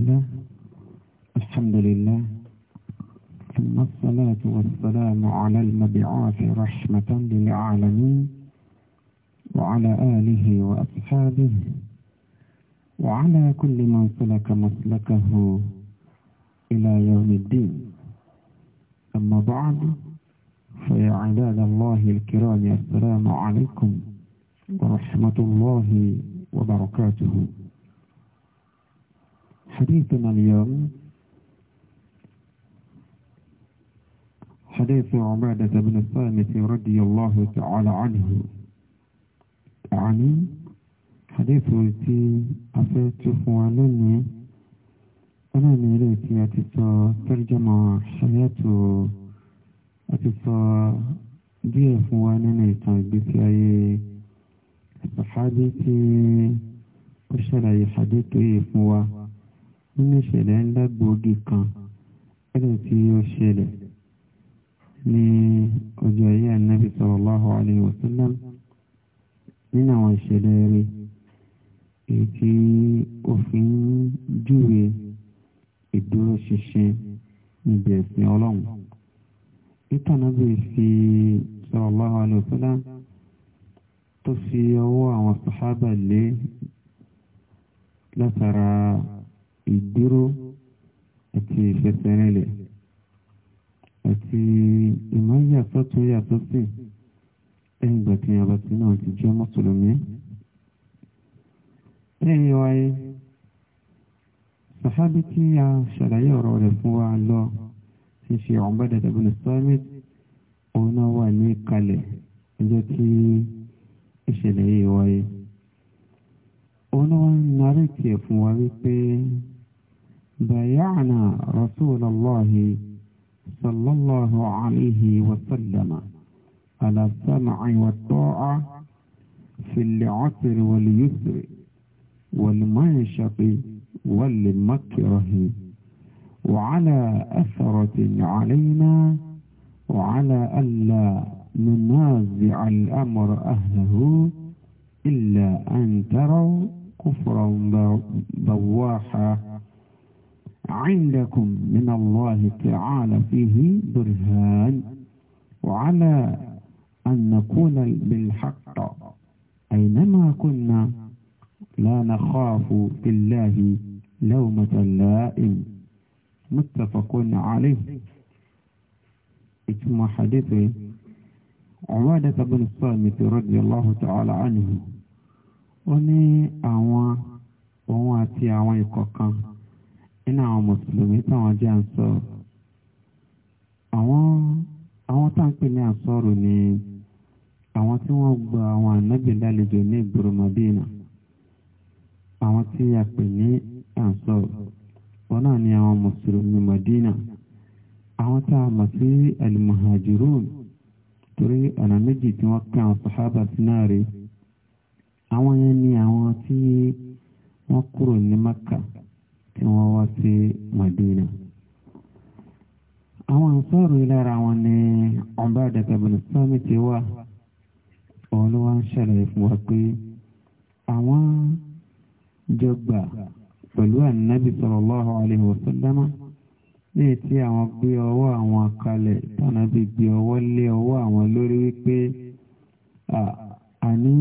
الله الحمد لله ثم الصلاة والسلام على المبعوث رحمة للعالمين وعلى آله وأصحابه وعلى كل من سلك مسلكه إلى يوم الدين أما بعد فيا عباد الله الكرام السلام عليكم ورحمة الله وبركاته حديثنا اليوم حديث عبادة بن الصامت رضي الله تعالى عنه يعني حديث التي أفيت فوالني أنا نريد أتسى ترجمة حياته أتسى دي فوالني تنبسي الصحابي في وشرعي حديثه فوالني nínú ìṣẹ̀lẹ̀ ńlá gbòógì kan ẹ̀rẹ̀ tí ó ṣẹlẹ̀ ní ọjọ́ ayé ànábì sallallahu alayhi wa sallam nínú àwọn ìṣẹ̀lẹ̀ rẹ̀ èyí tí òfin júwe ìdúró ṣinṣin níbi ẹ̀sìn ọlọ́run ìtànábì fi sallallahu alayhi tó fi ọwọ́ àwọn sàhábà lé látara ìdúró àti ìfẹsẹ̀rinlẹ̀ àti ìmọ̀yàtọ̀ tó yàtọ̀ sí lẹ́yìn ìgbà tí yàrá tí náà ti jẹ́ mùsùlùmí. lẹ́yìn wáyé sàhábí tí a ṣàlàyé ọ̀rọ̀ rẹ̀ fún wa lọ ti ṣe Ubadah ibn Samit òun náà wà ní kalẹ̀ ọjọ́ tí ìṣẹ̀lẹ̀ yìí wáyé. òun náà ń narí tiẹ̀ fún wa wípé. بايعنا رسول الله صلى الله عليه وسلم على السمع والطاعة في العسر واليسر والمنشط والمكره وعلى أثرة علينا وعلى ألا ننازع الأمر أهله إلا أن تروا كفرا بواحا عندكم من الله تعالى فيه برهان وعلى أن نقول بالحق أينما كنا لا نخاف في الله لومة لائم متفق عليه اسم حديث عبادة بن الصامت رضي الله تعالى عنه وني أعوان òun àti àwọn ikọ̀ nínú àwọn mùsùlùmí táwọn jẹ́ àǹsọ̀ àwọn àwọn táǹpì ní àǹsọ̀rù ni àwọn tí wọ́n gba àwọn ànábì lálejò ní ìgboro Madina àwọn tí a pè ní àǹsọ̀rù wọn náà ni àwọn mùsùlùmí Madina àwọn tá a mọ̀ sí alimuhajirun torí ọ̀nà méjì tí wọ́n pín àwọn sàhábà àwọn yẹn ni àwọn tí wọ́n kúrò ní Maka tí wọ́n wá sí Madina. àwọn àǹsọ́rù lára wọn ni ọba àdàkàbọ̀nù sọ́mi ti wà òun ló wá ń ṣàlàyé fún wa pé àwọn jọgbà pẹ̀lú ànábì sallallahu alaihi wasallam ní etí àwọn gbé ọwọ́ àwọn kalẹ̀ tànàbí gbé ọwọ́ lé ọwọ́ àwọn lórí wípé àní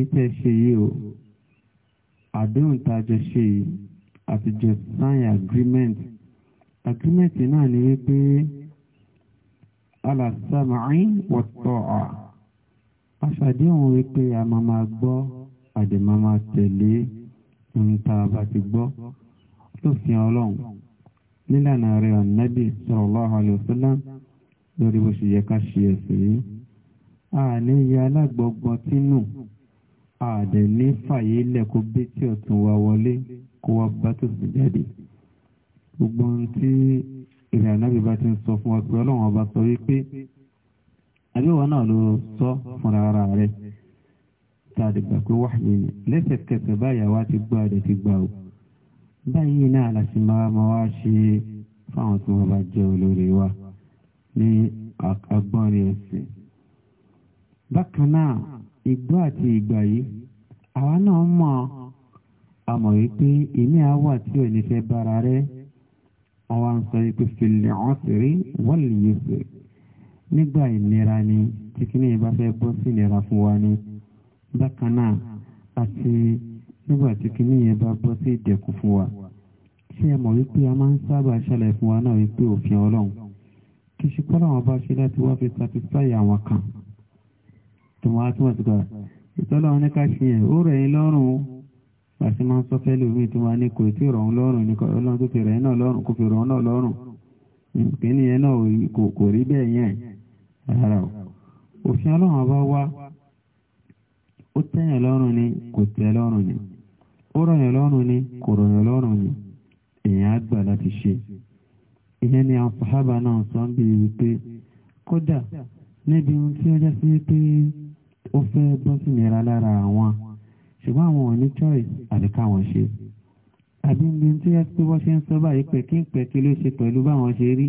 ìtẹ̀ṣe yìí o àdéhùn tájọ ṣe yìí àti jọ sign agreement agreement náà ni wípé alàsàmàáì wọ̀tọ̀ à aṣàdéhùn wípé a máa máa gbọ́ àdè máa máa tẹ̀lé nta bá ti gbọ́ lófin ọlọ́run nílànà rẹ̀ ànábì sallallahu alaihi wasallam lórí bó ṣe yẹ ká ṣe ẹ̀sìn yìí àní ya alágbọ̀gbọ̀n tínú àdẹ̀ ní fàyè ilẹ̀ kó gbé tí ọ̀tún wa wọlé kó wá bá tó sì jáde gbogbo ohun tí ìrìn ànábì bá ti ń sọ fún wa pé ọlọ́run ọba sọ wípé àbíwá náà ló sọ fúnra ara rẹ̀ tá a lè gbà pé wáhàyè ni lẹ́sẹ̀kẹsẹ̀ báyà wá ti gbọ́ àdé ti gbà o báyìí náà la máa ma wá ṣe fáwọn tí wọ́n bá jẹ́ olórí wa ní agbọ́nrin ẹ̀sìn bákan náà ìgbọ́ àti ìgbà yìí àwa náà mọ̀ ọ́ àmọ́ wípé ìní àwà tí ò ní fẹ́ bára rẹ̀ wọ́n ń sọ wípé fìlẹ̀ ọ̀hún sì wọ́n lè yé sè nígbà ìnira ni tí kíní yẹn bá fẹ́ bọ́ sí ìnira fún wa ni bákan náà àti nígbà tí kíní yẹn bá bọ́ sí ìdẹ̀kùn fún wa ṣé ẹ mọ̀ wípé a máa ń sábà ṣàlàyé fún wa náà wípé òfin ọlọ́run kì í ṣe kọ́ làwọn bá ṣe láti wá fi satisfy àwọn kan tòun á túmọ̀ sí ká ìtọ́lọ́run ní ká ṣe yẹn ó rẹ̀ yín lọ́rùn o àti máa ń sọ fẹ́ lómi tó máa ní kò tí ì rọ̀hún lọ́rùn ní ọlọ́run tó fi rẹ̀ náà lọ́rùn kò fi rọ̀hún náà lọ́rùn kíní yẹn náà kò rí bẹ́ẹ̀ yẹn rárá o òfin ọlọ́run bá wá ó tẹ́yàn lọ́rùn ni kò tẹ́ lọ́rùn ni ó rọ̀yàn lọ́rùn ni kò rọ̀yàn lọ́rùn ni èèyàn á gbà láti ṣe ìyẹn ni àwọn sàhábà náà sọ ń bí wípé kódà níbi tí ó jẹ́ sí pé ó fẹ́ bọ́ sí ìnira lára àwọn ṣùgbọ́n àwọn òní choice àbí káwọn ṣe àbí ní tí ẹ pé wọ́n ṣe ń sọ báyìí pé kí n pẹ́ kí ló ṣe pẹ̀lú báwọn ṣe rí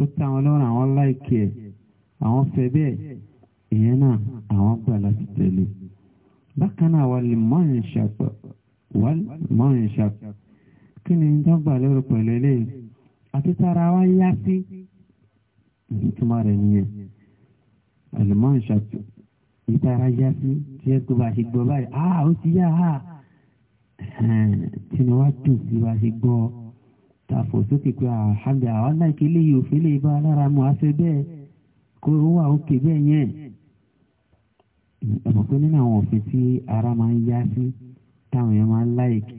ó tá wọn lọ́rùn àwọn láìkì ẹ̀ àwọn fẹ́ bẹ́ẹ̀ ìyẹn náà àwọn gbà láti tẹ̀lé bákan náà wà lè mọ́ kí ni tó gbà lórí pẹ̀lú eléyìí àti tara wa yá sí ìtumọ̀ rẹ̀ nìyẹn àlùmọ́ ìṣàpọ̀ ìtara já sí tí ẹ kó bá ṣe gbọ́ báyìí a ah, ó ti yá a ah. tí ni wàá dùn sí bá ṣe gbọ́ tàfò sókè pé àhàgbà ah, àwọn aláìkè léyìí òfin lè bá alára mu afẹ́ bẹ́ẹ̀ kó o wà òkè bẹ́ẹ̀ yẹn ẹ̀mọ̀ pé nínú àwọn òfin tí ara máa ń yá sí táwọn èèyàn máa ń láìkì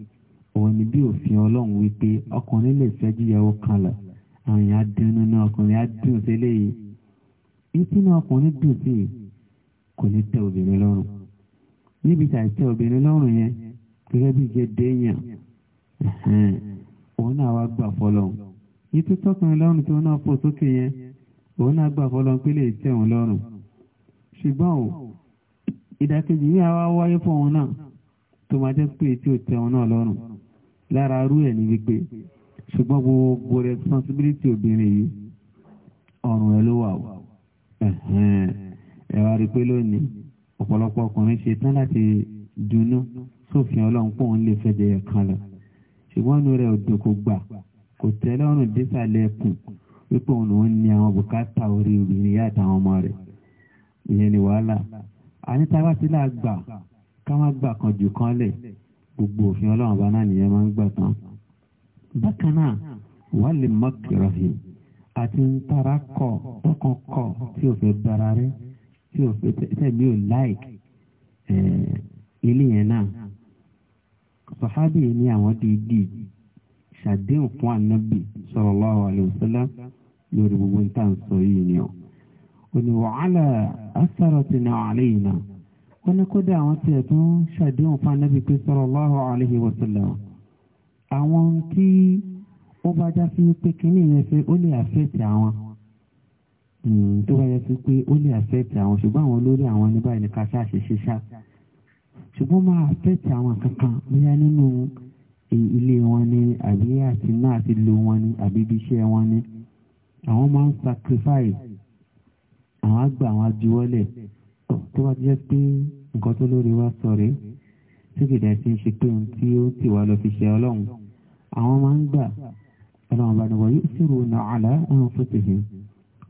òun ni bí òfin ọlọ́run wípé ọkùnrin lè fẹ́ ìyàwó kan lọ àwọn èèyàn á dùn nínú ọkùnrin á dùn sí eléyìí etí ọkùnrin dùn sí i kò ní tẹ́ obìnrin lọ́rùn níbi tí àìtẹ́ obìnrin lọ́rùn yẹn gẹ́gẹ́ bí gẹ́dẹ́ èèyàn òun náà wá gbà fọlọ́hún ní tó tọ́kùnrin lọ́rùn tí wọ́n náà fò sókè yẹn òun náà gbà fọlọ́hún pé lè tẹ́ òun lọ́rùn ṣùgbọ́n o ìdàkejì yìí àwa wáyé fún òun náà tó máa jẹ́ pé tí ò tẹ́ òun náà lọ́rùn lára arú ẹ̀ ní wípé ṣùgbọ́n gbogbo responsibility obìnrin yìí ọ̀rùn ẹ̀ ló wà o wá rí pé lónìí ọ̀pọ̀lọpọ̀ ọkùnrin ṣe tán láti dunú sófin ọlọ́run pọ̀ ń lè fẹ́jẹ̀ yẹn kan lọ ṣùgbọ́n inú rẹ̀ òdò kò gbà kò tẹ́ lọ́rùn désàlẹ̀ ẹkùn wípé òun òun ni àwọn bùkátà orí obìnrin yá àtàwọn ọmọ rẹ̀ ìyẹn ni wàhálà àníta bá ti là gbà ká má gbà kan jù kan lẹ̀ gbogbo òfin ọlọ́run bá náà nìyẹn máa ń gbà tán bákan náà wà lè mọ́kìrọ̀hìn àti ń tara kọ̀ tọkàn kọ̀ tí ò fẹ́ bára rẹ̀ tí o tẹ̀bi o like ilé yẹn náà sọ̀hábì ni àwọn ti di ṣàdéhùn fún ànábì sallallahu alaihi wasallam lórí gbogbo níta ń sọ yìí ni ọ. òní wàhálà asọ̀rọ̀ ti nà ọ̀lẹ́ yìí náà wọ́n ní kódà àwọn tí ẹ̀ tún ṣàdéhùn fún ànábì pé sallallahu alaihi wasallam àwọn tí ó bá já sí pé kínní yẹn fẹ́ ó lè àfẹ́tì àwọn. Mm. tó bá yẹ sí pé ó lè àfẹ́ẹ̀tì àwọn ṣùgbọ́n àwọn olórí àwọn ẹni báyìí ní ká ṣáàṣì ṣíṣá ṣùgbọ́n máa àfẹ́ẹ̀tì àwọn kankan bóyá nínú ilé wọn ni àbí àti náà àti lo wọn ni àbí ibi iṣẹ́ wọn ni àwọn máa ń sacrifice àwọn àgbà àwọn ajuwọ́lẹ̀ tó bá jẹ́ pé nǹkan tó lórí wa sọ rèé tí kìdá ti ń ṣe pé ohun tí ó ti wà lọ fi ṣe ọlọ́run àwọn máa ń gbà ọlọ́run bá ní wọ́n yóò ṣòro náà àlá ọ̀hún fún tèmi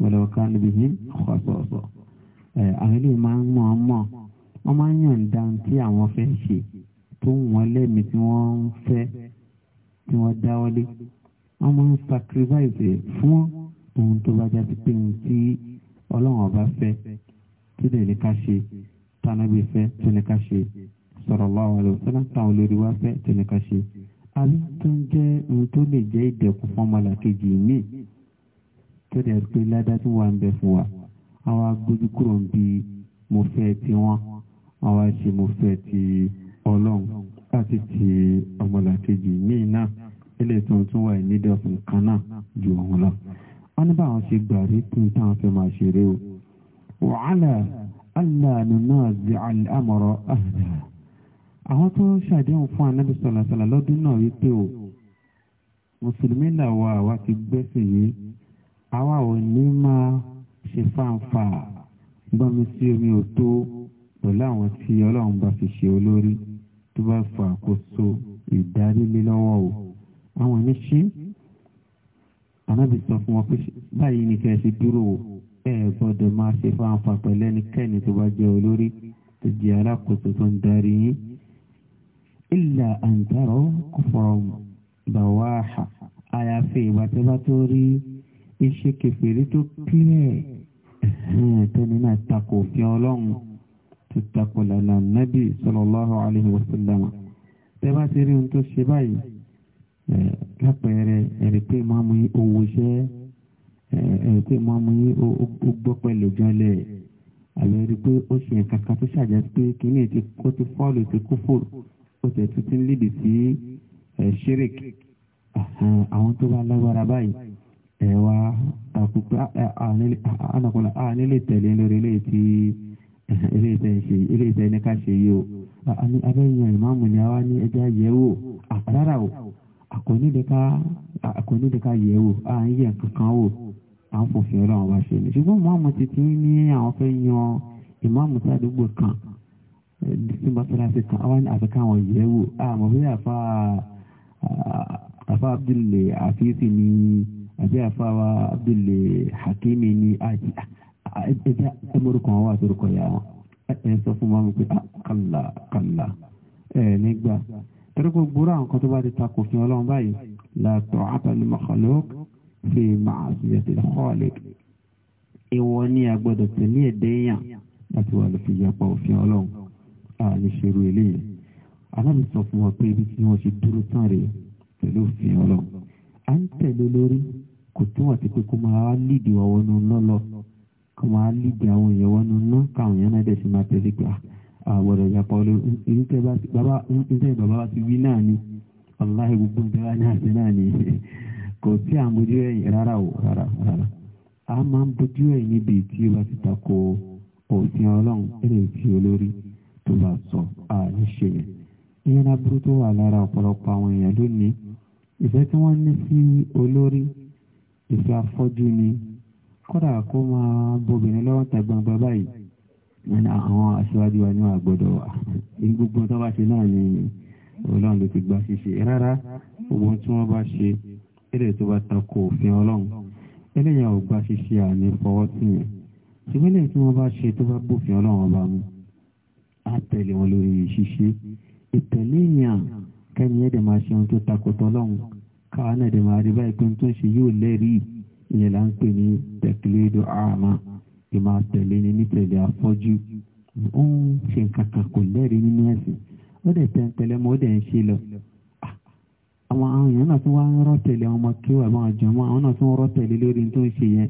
wọlé ọ̀ká níbi yìí ọ̀sọ̀ọ̀sọ̀ àwọn ilé máa ń mọ̀ ọ́n mọ̀ wọ́n máa ń yànda tí àwọn fẹ́ ṣe tó ń wọn lẹ́mìí tí wọ́n ń fẹ́ tí wọ́n dáwọ́lé wọ́n máa ń sacrifice fún ohun tó bá jáde pé ohun tí ọlọ́run ọba fẹ́ tó lè ní ká ṣe tánábì fẹ́ tó ní ká ṣe sallallahu alaihi wasallam táwọn olórí wa fẹ́ tó ní ká ṣe àbí tó ń jẹ́ ohun tó lè jẹ́ ìdẹ̀kùn fún ọmọlàkejì míì tó dẹ̀ rí pé ládá tó wà ń bẹ fún wa àwa gbójú kúrò ń bi mo fẹ́ ti wọn àwa ṣe mo fẹ́ ti ọlọ́run láti ti ọmọlàkejì míì náà ilé tó ń tún wà ní ìdọ̀fún kan náà ju òun lọ. wọ́n ní báwọn ṣe gbà rí pé táwọn fẹ́ máa ṣeré o. wàhálà aláàánú náà zi àmọ̀rọ̀ àdá. àwọn tó ń ṣàdéhùn fún anábì sọ̀làsọ̀là lọ́dún náà wípé o mùsùlùmí làwọn àwa ti gbẹ́sìn yìí àwa ò ní máa ṣe fáǹfà gbọ́mi sí omi ò tó pẹ̀lú àwọn tí ọlọ́run bá fi ṣe olórí tó bá fa àkóso ìdarílé lọ́wọ́ o àwọn ẹni ṣí anábì sọ fún wọn pé báyìí ni kẹ́ ẹ ṣe dúró o ẹ gbọ́dọ̀ máa ṣe fáǹfà pẹ̀lú ẹnikẹ́ni tó bá jẹ́ olórí tó jẹ́ alákòóso tó ń darí yín ìlà àǹtàrọ̀ kọfọ̀rọ̀ bàwáhà àyàfi ìgbà rí iṣẹ́ kẹfẹ́rí tó kílẹ̀ tẹ́ni náà takò òfin ọlọ́run tó takò lànà nábì sallallahu alaihi wasallam tẹ́ bá ti rí ohun tó ṣe báyìí lápẹẹrẹ ẹ̀rí pé máa mú owó iṣẹ́ ẹ̀rí pé máa mú ó gbọ́ pẹ̀lú jọlẹ̀ àlẹ́ rí pé ó ṣe kankan tó ṣàjẹ́ pé kíní ti kó ti fọ́ọ̀lù ti kó fò ó tẹ̀ tuntun lédè sí ṣírìkì àwọn tó bá lágbára báyìí ẹ̀wà àkùkù ànàkùnà ànílè tẹ̀lé lórí eléyìí tí eléyìí tẹ̀ ń ṣe eléyìí ní ká ṣe yìí abẹ́yẹn ìmáàmù ni àwa ní ẹja yẹ̀ wò àkàrà o àkọ́nídé ká yẹ̀ wò à ń yẹ̀ kankan wò à ń fòfin ọlọ́run wá ṣe ni ṣùgbọ́n ìmáàmù ti ti ní àwọn fẹ́ yan ìmáàmù sádùúgbò kan tí eh, mọ́sálásí kan àwọn àfikà àwọn yẹ̀ wò bí àfa àfa Abdul àfíìsì ni àbí àfáwà abdul hakimi ní àti ẹja ah, ẹmọrúkọ wọn wà sórúkọ yà wọn ẹ sọ fún wọn pé ah, kàlà kàlà ẹ nígbà torí kò gbúrò àwọn kan tó bá ti ta kò fún ọlọ́run báyìí làtọ̀ àtàlù makhluq fi ma'siyati al-khaliq ìwọ ni àgbọ́dọ̀ tẹ̀lé ẹ̀dẹ́yàn láti wà lọ fi yapa òfin ọlọ́run àlùṣerú eléyìí aláàbí sọ fún wa pé ibi tí wọ́n ṣe dúró tán rèé pẹ̀lú òfin ọlọ́run à ń tẹ̀lé lórí kò túmọ̀ sí pé kó máa lídìí wọnú ná lọ kó máa lídìí àwọn èèyàn wọnú ná káwọn èèyàn náà dẹ̀ máa tẹ̀lé pé ah, bàbá ti wí náà ni wàláhì gbogbo ìjọba ní àṣẹ náà ni kò o rárá a máa ń bójú ẹ̀yìn níbi tí o bá ti tako òfin ọlọ́run ẹ̀rẹ̀ olórí tó bá sọ ìyẹn wà lára ọ̀pọ̀lọpọ̀ àwọn èèyàn lónìí ìfẹ́ tí wọ́n ìfẹ́ afọ́jú ni kódà kó máa bóbìnrin lọ́wọ́ tàgbọ́n bàbá yìí wọn ni àwọn aṣíwájú wa ní àgbọ̀dọ̀ wa ní gbogbo tó bá ṣe náà ni ọlọ́run ló ti gba ṣíṣe rárá gbogbo tí wọ́n bá ṣe ẹ̀rẹ̀ tó bá tako òfin ọlọ́run ẹlẹ́yà ò gba ṣíṣe àní fọwọ́ tì yẹn ṣùgbọ́n lẹ́yìn tí wọ́n bá ṣe tó bá bófin ọlọ́run ọba mu á tẹ̀lé wọn lórí ṣíṣe ìtẹ̀lé yàn kẹ́ni ẹ̀dẹ̀ máa ṣe ohun tó takò tọ́lọ́run káwa náà dẹ̀ máa rí báyìí pé tó ń ṣe yóò lẹ́rìí ìyẹn là ń pè ní tẹ̀kílédò àmà ìmọ̀ àtẹ̀lé ni nítẹ̀lé afọ́jú ó ń ṣe nǹkan kan kò lẹ́rìí nínú ẹ̀sìn ó dẹ̀ tẹ̀ǹpẹ̀lẹ́ mọ́ ó dẹ̀ ń ṣe lọ. àwọn àwọn èèyàn náà tún wá ń rọ́ tẹ̀lé àwọn ọmọ kí wọ́n àjọ mọ́ àwọn náà tún rọ́ tẹ̀lé lórí tó ń ṣe yẹn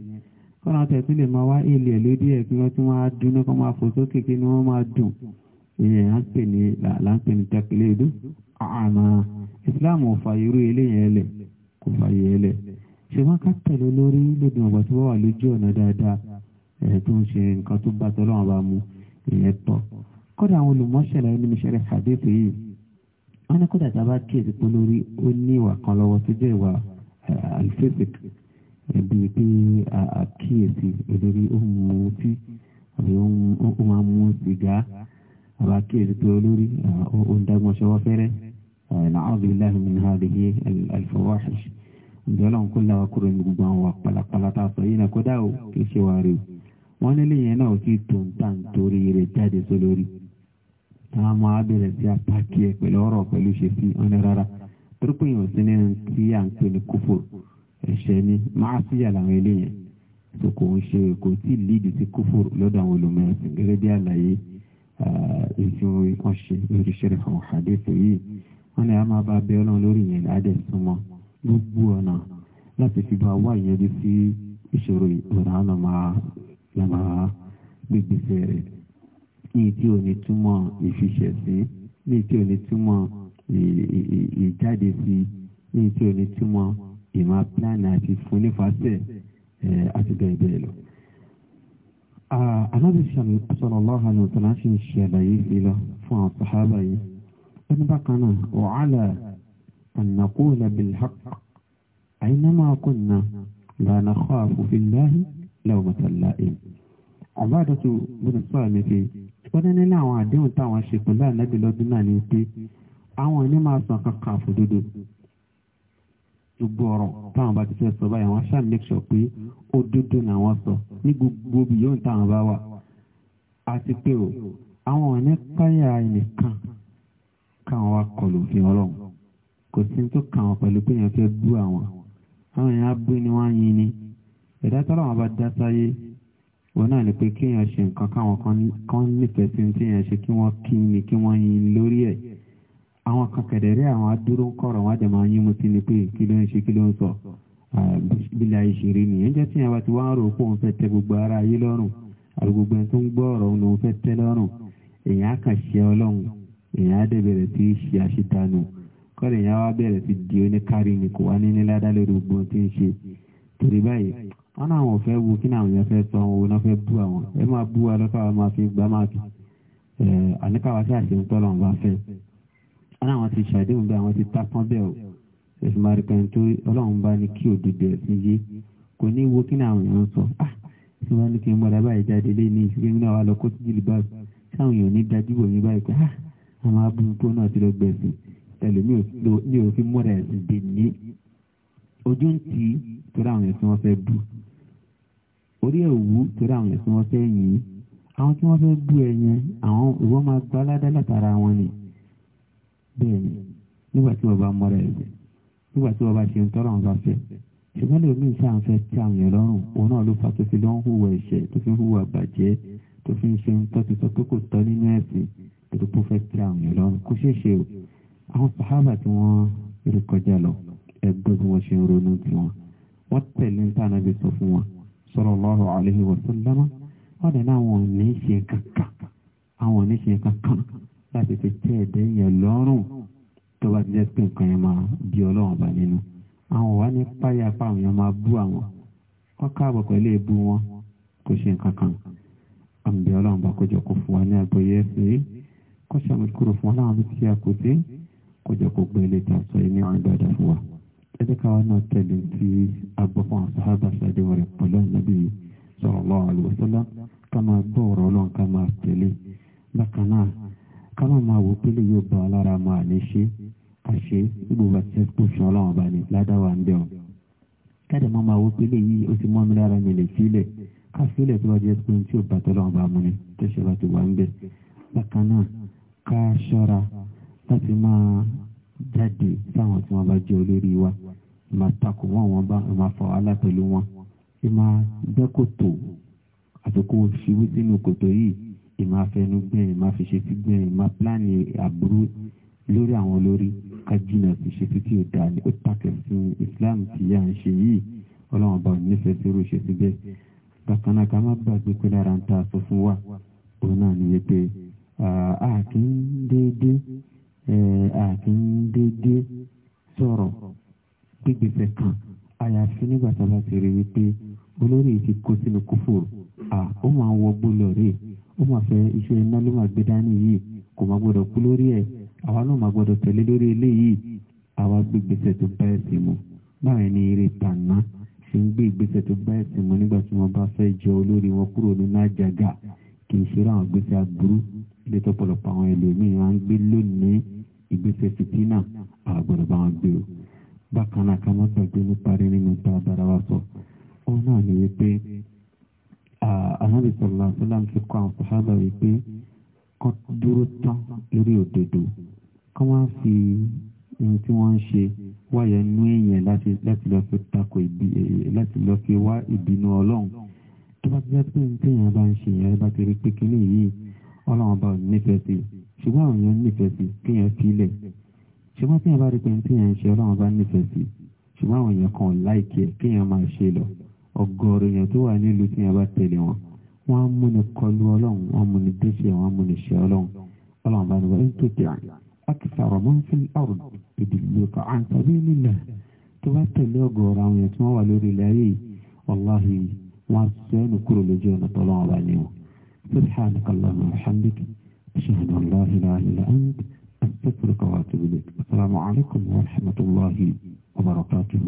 kọ́nà tẹ̀ tún lè máa wá èlé ẹ̀ kí wọ́n tún máa dún ní kọ́ máa fò sókè kí ni wọ́n máa dùn ìyẹn à ń pè ní là ń pè ní tẹkílẹ́dù àmà ìsìláàmù ò fààyè irú eléyẹn ẹlẹ̀ kò fààyè ẹlẹ̀ ṣùgbọ́n ká tẹ̀lé olórí lóde ọ̀gbà tí wọ́n wà lójú ọ̀nà dáadáa ẹ̀ tó ń ṣe nǹkan tó bá tọ́lọ́wọ́n bá mu ìyẹn tọ́ kódà àwọn olùmọ̀ṣẹ̀lẹ̀ nínú ṣẹlẹ̀ hadith yìí wọ́n ní kódà tá a bá kíyèsí pé lórí ó ní ìwà kan lọ́wọ́ tó jẹ́ ìwà alifesik ẹ̀bí pé àkíyèsí olórí ó mu ọtí àbí ó máa mu sìgá àwọn akéèrè pé olórí òun dágbọ́n ṣọwọ́ fẹ́rẹ́ làwọn bíi láàrin mi náà lè yé alfawahish ǹjẹ́ ọlọ́run kó láwa kúrò ní gbogbo àwọn pàlàpàlà tá a sọ yìí náà kó dá o kì í ṣe wà rí o wọ́n nílé yẹn náà ò sì tó ń tà ń torí rẹ̀ jáde sólórí táwọn ọmọ abẹ́rẹ́ sí apákí ẹ pẹ̀lú ọ̀rọ̀ pẹ̀lú ṣe sí ọ̀nà rárá torípé yẹn ò sí ní tí à ń pè ní kófò ẹ̀ṣẹ̀ ni máa síyà làwọn eléyẹn tó kò ń ṣe kò tí ì lídìí sí kófò lọ́dọ̀ àwọn olùmọ̀ ẹ̀sìn gẹ́gẹ́ bí àlàyé ètò eh, ìkọ́ṣe lórí ṣẹ́rẹ̀ àwọn àdéhùn yìí wọ́n ní a máa bá bẹ́ ọlọ́run lórí ìyẹn ládẹ̀ súnmọ́ gbogbo ọ̀nà láti fi bá wá ìyẹn sí ìṣòro ìrora ọ̀nà máa yàrá gbégbèsè rẹ̀ ní tí ò ní túmọ̀ ìfiṣẹ̀ sí ní tí ò ní túmọ̀ ìjáde sí ní tí ò ní túmọ̀ ìmọ̀ pílánì àti fúnnífàṣẹ̀ eh, àti bẹ́ẹ̀ bẹ́ẹ̀ lọ anábì sallallahu alaihi wa sallam ń ṣe àlàyé ìlọ fún àwọn sàhábà yìí ẹni bákan náà wàhálà ànàkúlà bilhaq àyínàmà kùnà lànà kọ́àfù fìlàhì lẹ́wọ̀mọ̀tàlá ẹ̀. àbádọ́tù bùnú sọ̀rọ̀ mi fi wọ́n ní nínú àwọn àdéhùn táwọn ṣe pẹ̀lú ànábì lọ́dún náà ní pé àwọn ẹni máa sàn kankan àfòdodo gbogbo ọ̀rọ̀ táwọn bá ti fẹ́ sọ báyìí àwọn ṣáà make sure pé òdodo làwọn sọ ní gbogbo bí yóò táwọn bá wà àti pé o àwọn ọ̀nà páyà ẹnìkan káwọn wá kọlù òfin ọlọ́run kò sí tó kà wọn pẹ̀lú pé yẹn fẹ́ bú àwọn àwọn èèyàn abú ni wọ́n á yin ni ẹ̀dá tọ́lá wọn bá dá sáyé wọn náà ni pé kéèyàn ṣe nǹkan káwọn kan nífẹ̀ẹ́ sí ní tí yẹn ṣe kí wọ́n kí ni kí wọ́n yin lórí ẹ̀ àwọn kan kẹ̀dẹ̀rẹ́ àwọn adúró ń kọ̀rọ̀ wọ́n á jẹ́ máa yín mu sí ni pé kí ló ń ṣe kí ló ń sọ bílẹ̀ ìṣeré nìyẹn jẹ́ tí yẹn bá ti wá ń rò pé òun fẹ́ tẹ gbogbo ara ayé lọ́rùn àbí gbogbo ẹni tó ń gbọ́ ọ̀rọ̀ òun fẹ́ tẹ lọ́rùn èèyàn á kàn ṣe ọlọ́run èèyàn á dẹ̀ bẹ̀rẹ̀ sí í ṣe àṣetànù kọ́lẹ̀ èèyàn á bẹ̀rẹ̀ sí di oníkárí ni kò wá ní ní ládá lórí gbogbo ohun tí ń ṣe àwọn ti ṣàdéhùn bẹ́ẹ̀ àwọn ti tápọ́n bẹ́ẹ̀ o ẹ̀sùn máa rí pẹ̀lú torí ọlọ́run bá ní kí òdodo ẹ̀sìn yé kò ní wo kí ni àwọn èèyàn sọ ah tí wọ́n ní kí n mọ̀ra báyìí jáde lé ní ìṣúgbé náà wà lọ kó sí jìlì báyìí táwọn èèyàn ní dájú bò mí báyìí pé ah àwọn abúlùkọ náà ti lọ gbẹ̀sìn ẹlòmíì ní òfin mọ̀ra ẹ̀sìn dè ní ojú ń tì í torí àwọn ẹ̀sìn wọn fẹ́ bú orí ẹ̀wú torí àwọn ẹ̀sìn wọn fẹ́ yìn àwọn tí wọ́n fẹ́ bú ẹ yẹn àwọn ìwọ́n máa gbá ládá látara wọn ni bẹ́ẹ̀ni nígbà tí wọ́n bá mọ́ra ẹ̀gbẹ́ nígbà tí wọ́n bá ṣe ń tọ́rọ̀ wọn bá fẹ́ ṣùgbọ́n lèmi ń ṣàǹfẹ́ tí àwọn èèyàn lọ́rùn òun náà ló fa tó fi lọ́ ń hùwà ẹ̀ṣẹ̀ tó fi ń hùwà bàjẹ́ tó fi ń ṣe ń tọ́ ti sọ pé kò tọ́ nínú ẹ̀sìn tó tó fẹ́ tí àwọn èèyàn lọ́rùn kò ṣeé ṣe o àwọn sàhábà tí wọ́n rí kọjá lọ ẹgbẹ́ bí wọ́n ṣe ń ronú tí wọ́n tẹ̀lé ń tànà bí sọ fún wọn sallallahu alaihi wa sallama wọ́n dẹ̀ náà wọn ò ní ṣe kankan àwọn ò ní ṣe kankan láti fi tẹ́ ẹ̀dẹ́ yẹn lọ́rùn tó bá ti jẹ́ pé nǹkan yẹn máa bí ọlọ́run bá nínú àwọn wà ní páyà fáwọn yẹn máa bú àwọn wọ́n káàbọ̀ pẹ̀lú èébú wọn kò ṣe nǹkan kan àmì ọlọ́run bá kójọ kó fún wa ní àgbọ́yé ẹ̀sìn yìí kó ṣàmùkúrò fún wa láwọn bí tí a kò sí kójọ kó gbé ilé ìta yìí ní àwọn ìgbàdà fún wa ẹ káwa náà tẹ̀lé tí a gbọ́ fún àwọn sàhábà ṣáájú rẹ̀ náà máa wò pé lè yóò bá alára mọ àníṣe àṣe gbogbo àti ẹ̀kọ́ fún ọlọ́run ọba ní ládàwà ń bẹ̀ káde máa máa wò pé lè ó ti mọ́ mi lára mi lè sílẹ̀ ká sílẹ̀ tó bá jẹ́ pé tí ò bá tọ́lọ́run bá mu ni tó ṣe bá ti wà ń bẹ̀ bákan náà ká ṣọ́ra láti máa jáde sáwọn tí wọ́n bá jẹ́ olórí wa máa takò wọ́n wọ́n bá máa fọ wàhálà pẹ̀lú wọn máa dẹ́kòtò àtòkò ṣubú sínú kòtò yìí ìmá fẹnu gbẹ̀yìn ìmá fi ṣe fi gbẹ̀yìn ìmá pílánì àbúrú lórí àwọn olórí ká jìnnà sí ṣe fi tí ò dáa ni ó tàkẹ́ fún Islam tí yà ń ṣe yìí ọlọ́run bá nífẹ̀ẹ́ sí irú ìṣesí bẹ́ẹ̀ bákan náà ká má gbàgbé pé lára ń ta aṣọ fún wa òun náà ni wípé àkíndéédé àkíndéédé sọ̀rọ̀ gbígbèsè kan àyàfi nígbà tá a bá ti rí wípé olórí yìí ti kó sínú kúfò à ó máa ń wọgbó rèé ó mà fẹ́ iṣẹ́ iná ló mà gbé dání yìí kò má gbọ́dọ̀ kú lórí ẹ̀ àwa náà má gbọ́dọ̀ tẹ̀lé lórí eléyìí àwa gbé ìgbésẹ̀ tó bá ẹ̀sìn mu báwọn ẹni eré tàná ṣe ń gbé ìgbésẹ̀ tó bá ẹ̀sìn mu nígbà tí wọ́n bá fẹ́ jẹ olórí wọn kúrò nínú àjàgà kì í ṣe ráwọn gbèsè aburú ilé tọ̀pọ̀lọpọ̀ àwọn ẹlòmíín wọn ń gbé lónìí ìgbésẹ̀ fìtínà àwọn gbọ́dọ̀ bá wọn gbé o bákan náà ká má nípa rí nínú tá a bára wa sọ òun náà ní wípé Ah, Ànábì sallallahu alaihi wasallam fi kọ́ àwọn sàhábà wípé kọ́ dúró tán lórí òdodo kọ́ wọ́n fi ohun tí wọ́n ń ṣe wáyé nú èèyàn láti lọ fi takò ìbí eh, láti lọ fi wá ìbínú ọlọ́run tó bá ti jẹ́ pé ohun tí èèyàn bá ń ṣe èèyàn bá ti rí pé kínní yìí ọlọ́run bá nífẹ̀ẹ́ sí ṣùgbọ́n àwọn èèyàn nífẹ̀ẹ́ sí kéèyàn fílẹ̀ ṣùgbọ́n tí èèyàn bá rí pé ohun tí èèyàn ń ṣe ọlọ́run bá nífẹ̀ẹ́ sí ṣùgbọ́n àwọn èèyàn kan láìkẹ́ kéèyàn máa ṣe lọ ọ̀gọ̀ọ̀rọ̀ èèyàn tó wà nílùú tí yẹn bá tẹ̀lé wọn wọ́n á múni kọlu ọlọ́run wọ́n múni dẹ́ṣẹ̀ wọ́n múni ṣe ọlọ́run ọlọ́run bá ní wọ́n ń tètè akthara man fil ard yudilluka an sabilillah tó bá tẹ̀lé ọ̀gọ̀ọ̀rọ̀ àwọn èèyàn tí wọ́n wà lórí ilẹ̀ ayé wàláhì wọ́n sẹ́nu kúrò lójú ọ̀nà tọ́lọ́wọ́n bá ní wọn. subhanaka wa bihamdika ashhadu an la ilaha illa anta astaghfiruka wa atubu wa rahmatullahi wa barakatuh